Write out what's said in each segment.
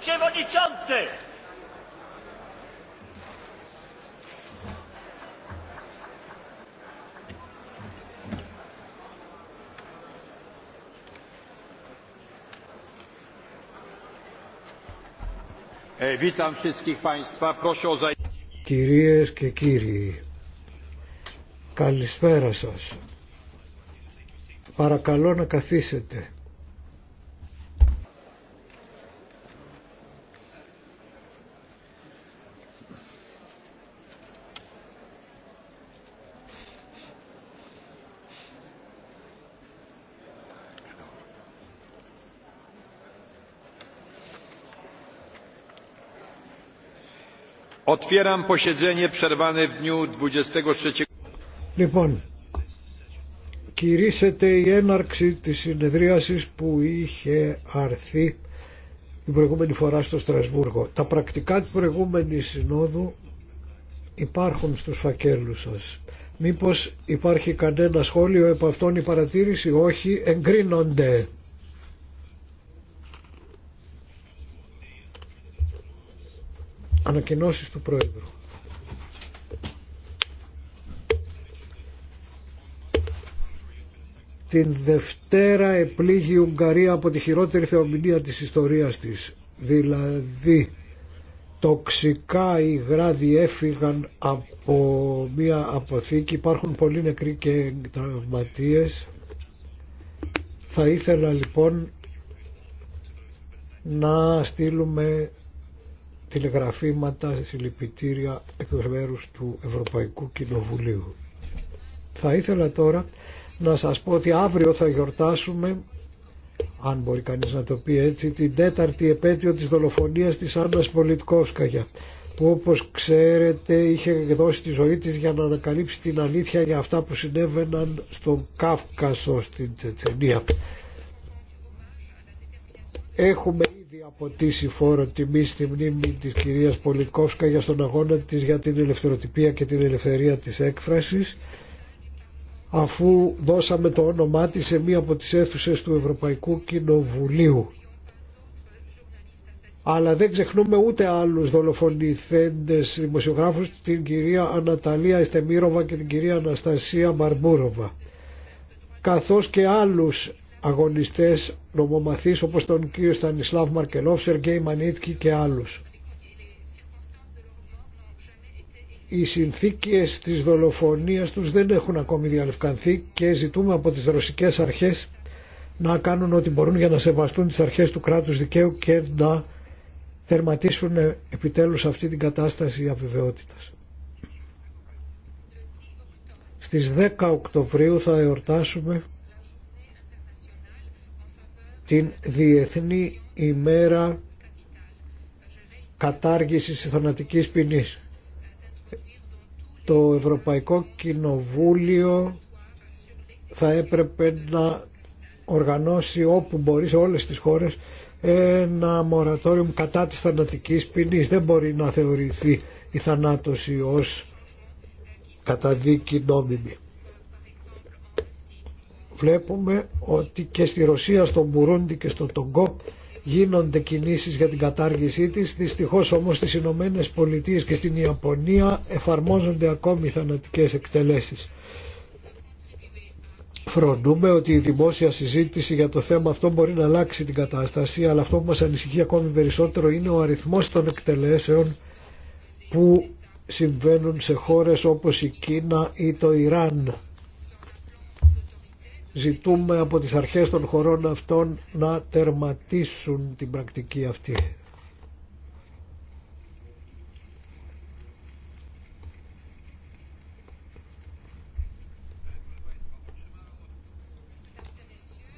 przewodniczący! Witam wszystkich Państwa. Proszę o zajęcie. Κυρίες και κύριοι, καλησπέρα σας. Παρακαλώ να καθίσετε. Λοιπόν, κηρύσσεται η έναρξη της συνεδρίασης που είχε αρθεί την προηγούμενη φορά στο Στρασβούργο. Τα πρακτικά της προηγούμενης συνόδου υπάρχουν στους φακέλους σας. Μήπως υπάρχει κανένα σχόλιο επ' αυτόν η παρατήρηση, όχι, εγκρίνονται. Ανακοινώσεις του Πρόεδρου. Την Δευτέρα επλήγει η Ουγγαρία από τη χειρότερη θεομηνία της ιστορίας της. Δηλαδή τοξικά υγρά διέφυγαν από μία αποθήκη. Υπάρχουν πολλοί νεκροί και τραυματίες. Θα ήθελα λοιπόν να στείλουμε τηλεγραφήματα συλληπιτήρια εκ μέρους του Ευρωπαϊκού Κοινοβουλίου. Θα ήθελα τώρα να σας πω ότι αύριο θα γιορτάσουμε, αν μπορεί κανείς να το πει έτσι, την τέταρτη επέτειο της δολοφονίας της Άννας Πολιτικόσκαγια που όπως ξέρετε είχε δώσει τη ζωή της για να ανακαλύψει την αλήθεια για αυτά που συνέβαιναν στον Κάφκασο στην Τσετσενία. Έχουμε ήδη αποτίσει φόρο τιμή στη μνήμη της κυρίας Πολιτικόφσκα για στον αγώνα της για την ελευθεροτυπία και την ελευθερία της έκφρασης αφού δώσαμε το όνομά της σε μία από τις αίθουσες του Ευρωπαϊκού Κοινοβουλίου. Αλλά δεν ξεχνούμε ούτε άλλους δολοφονηθέντες δημοσιογράφους, την κυρία Αναταλία Εστεμίροβα και την κυρία Αναστασία Μαρμούροβα καθώς και άλλους αγωνιστές νομομαθείς όπως τον κύριο Στανισλάβ Μαρκελόφ, Σεργέη Μανίτκι και άλλους. Οι συνθήκες της δολοφονίας τους δεν έχουν ακόμη διαλευκανθεί και ζητούμε από τις ρωσικές αρχές να κάνουν ό,τι μπορούν για να σεβαστούν τις αρχές του κράτους δικαίου και να θερματίσουν επιτέλους αυτή την κατάσταση αβεβαιότητας. Στις 10 Οκτωβρίου θα εορτάσουμε την Διεθνή ημέρα κατάργησης θανατικής ποινής. Το Ευρωπαϊκό Κοινοβούλιο θα έπρεπε να οργανώσει όπου μπορεί σε όλες τις χώρες ένα μορατόριο κατά της θανατικής ποινής. Δεν μπορεί να θεωρηθεί η θανάτωση ως καταδίκη νόμιμη βλέπουμε ότι και στη Ρωσία, στον Μπουρούντι και στο Τονγκό γίνονται κινήσεις για την κατάργησή της. Δυστυχώς όμως στις Ηνωμένε Πολιτείες και στην Ιαπωνία εφαρμόζονται ακόμη θανατικές εκτελέσεις. Φρονούμε ότι η δημόσια συζήτηση για το θέμα αυτό μπορεί να αλλάξει την κατάσταση, αλλά αυτό που μας ανησυχεί ακόμη περισσότερο είναι ο αριθμός των εκτελέσεων που συμβαίνουν σε χώρες όπως η Κίνα ή το Ιράν ζητούμε από τις αρχές των χωρών αυτών να τερματίσουν την πρακτική αυτή.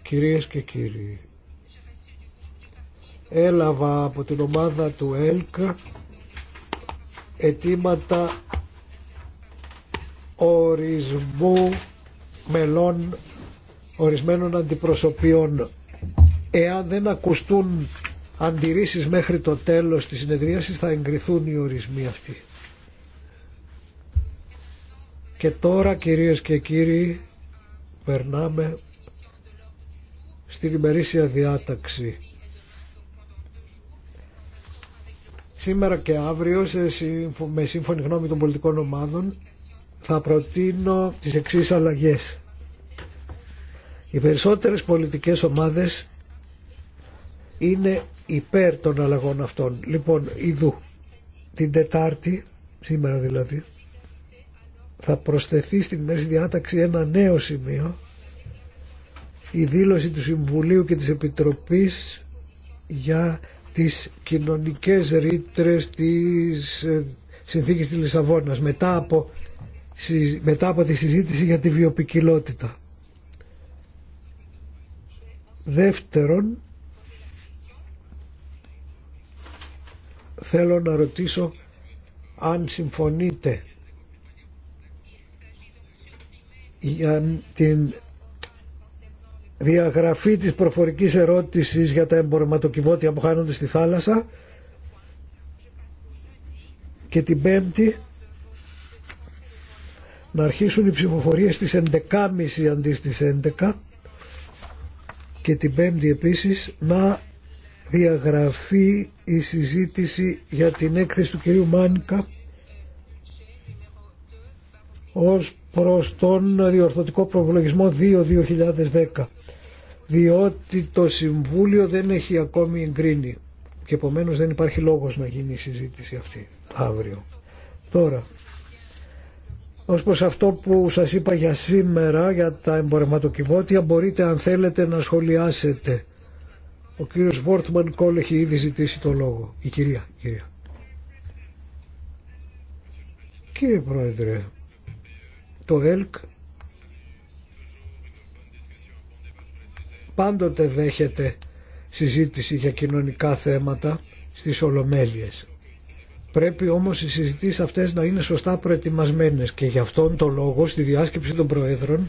Κυρίες και κύριοι, έλαβα από την ομάδα του ΕΛΚ αιτήματα ορισμού μελών ορισμένων αντιπροσωπείων Εάν δεν ακουστούν αντιρρήσεις μέχρι το τέλος της συνεδρίασης θα εγκριθούν οι ορισμοί αυτοί. Και τώρα κυρίες και κύριοι περνάμε στην ημερήσια διάταξη. Σήμερα και αύριο, με σύμφωνη γνώμη των πολιτικών ομάδων, θα προτείνω τις εξής αλλαγές. Οι περισσότερες πολιτικές ομάδες είναι υπέρ των αλλαγών αυτών. Λοιπόν, ειδού την Τετάρτη, σήμερα δηλαδή, θα προσθεθεί στην μέση διάταξη ένα νέο σημείο η δήλωση του Συμβουλίου και της Επιτροπής για τις κοινωνικές ρήτρε της ε, συνθήκης της Λισαβόνας μετά από, μετά από τη συζήτηση για τη βιοπικιλότητα. Δεύτερον, θέλω να ρωτήσω αν συμφωνείτε για την διαγραφή της προφορικής ερώτησης για τα εμπορευματοκιβώτια που χάνονται στη θάλασσα και την Πέμπτη να αρχίσουν οι ψηφοφορίες στις 11.30 αντί στις 11.00 και την Πέμπτη επίσης να διαγραφεί η συζήτηση για την έκθεση του κυρίου Μάνικα ως προς τον διορθωτικό προπολογισμό 2-2010 διότι το Συμβούλιο δεν έχει ακόμη εγκρίνει και επομένως δεν υπάρχει λόγος να γίνει η συζήτηση αυτή αύριο. Τώρα, ως προς αυτό που σας είπα για σήμερα, για τα εμπορευματοκιβώτια, μπορείτε αν θέλετε να σχολιάσετε. Ο κύριος Βόρτμαν Κόλ έχει ήδη ζητήσει το λόγο. Η κυρία. κυρία. Κύριε Πρόεδρε, το ΕΛΚ πάντοτε δέχεται συζήτηση για κοινωνικά θέματα στις Ολομέλειες. Πρέπει όμως οι συζητήσεις αυτές να είναι σωστά προετοιμασμένες και γι' αυτόν τον λόγο στη διάσκεψη των Προέδρων